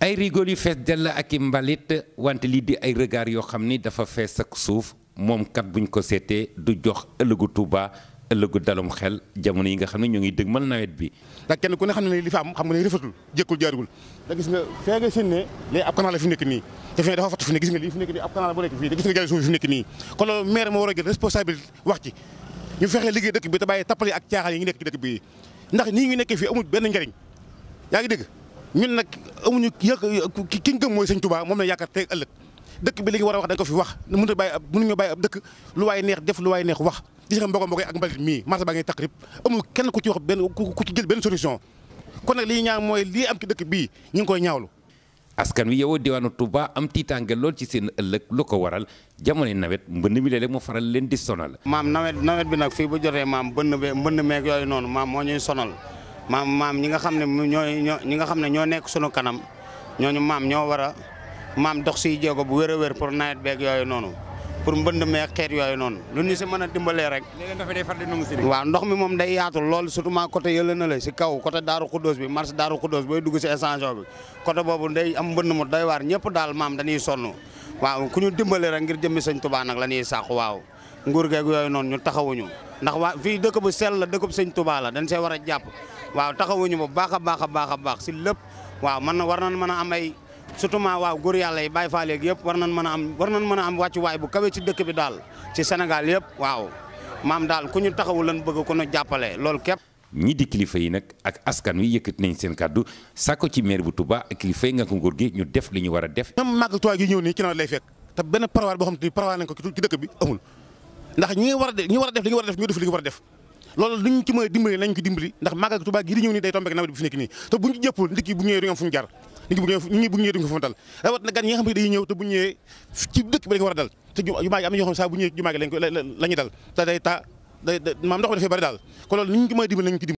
ay rigol yu fees dell ak i mbalit wante lii di ay regard yoo xam ni dafa fees ak suuf moom kat buñ ko seetee du jox ëllëgu Touba ëllëgu dalum xel jamono yi nga xam ne ñu ngi dëgmal nawet bi. ndax kenn ku ne xam ne li fa am nga ne rëfatul jëkkul jaarul te gis nga ab canal la nekk nii te fee gis nga lii fi nekk nii ab canal bu nekk fii te gis nga suuf fi nekk nii kon loolu maire moo war a jël wax ci ñu fexe liggéey dëkk bi te bàyyi tappale ak caaxaan yi ngi nekk ci dëkk bi ndax nii ngi nekk fii amul benn njariñ yaa ngi dégg ñun nag amuñu ki nga gëm mooy sëñ tubaa moom na yaakaar tey ëllëg dëkk bi li ñu war a wax dañ ko fi wax mënuñu bàyyi ab mënuñu bàyyi ab dëkk lu waay neex def lu waay neex wax gis nga mbogo mbogo ak mbalit mii marché baa ngi takk rib kenn ku ci wax benn ku ci jël benn solution kon nag li ñu mooy lii am ci dëkk bii ñu ngi koy ñaawlu askan wi yow diwaanu tubaa am tiitaange lool ci seen ëllëg lu ko waral jamonoy nawet mbënn mi léeg-léeg mu faral leen di sonal. maam nawet nawet bi nag fii bu jotee maam mbënn be mbënn meeg yooyu noonu maam moo ñuy sonal maam maam ñi nga xam ne ñooy ñoo ñi nga xam ne ñoo nekk sunu kanam ñooñu maam ñoo war a maam dox siy jéego bu wér a wér pour nawet beeg yooyu noonu pour mbënd mee xeet yooyu noonu lu ñu si mën a dimbalee rek. waaw ndox mi moom day yaatu lool surtout maa côté la si kaw côté Daaru Xuddoos bi marché Daaru Xuddoos booy dugg si o bi côté boobu day am mbënd mu doy waar ñëpp daal maam dañuy sonn waaw ku ñu dimbalee rek ngir jëmmi sëñ Tuubaa nag la ñuy sàq waaw nguur geeg yooyu noonu ñu taxawuñu ndax waa fii dëkk bu sell la dëkk bu sëñ Tuubaa la dañ see war a jàpp waaw taxawuñu bu baax a baax a baax a baax si lépp waaw man na war nañ mën a am ay surtout ma waaw góor yàlla yi bàyyi faa léegi yëpp war nañ mën a am war nañ mën a am wàccuwaay bu kawe ci dëkk bi daal ci Sénégal yëpp waaw maam daal ku ñu taxawu lan bëgg ku ñu jàppale loolu képp. ñii di kilifa yi nag ak askan wi yëkkat nañ seen kàddu sàkko ci maire bu Touba ak kilifa yi nga ko nguur gi ñu def li ñu war a def. même màggal Touba gi ñëw nii ci nawet lay fekk te benn parwaar boo xam te ni parwaar nañ ko ci dëkk bi ndax ñu war a def a def loolo luñ ci mën a dimbali nañ ndax màggal Tuubaa gi di ñëw nii day tombeek nawet bi fi nekk nii te buñ ci jëppul nit ki bu ñëwee du ñu am fuñu jar ki bu ñëwee nit ñi gan yi nga xam ne dañuy ñëw te bu ñëwee ci a dal te am na ñoo xam ne saa la ñuy dal te day taa maam ndox mi dafay bari daal kon loolu niñ ci mën a dimbali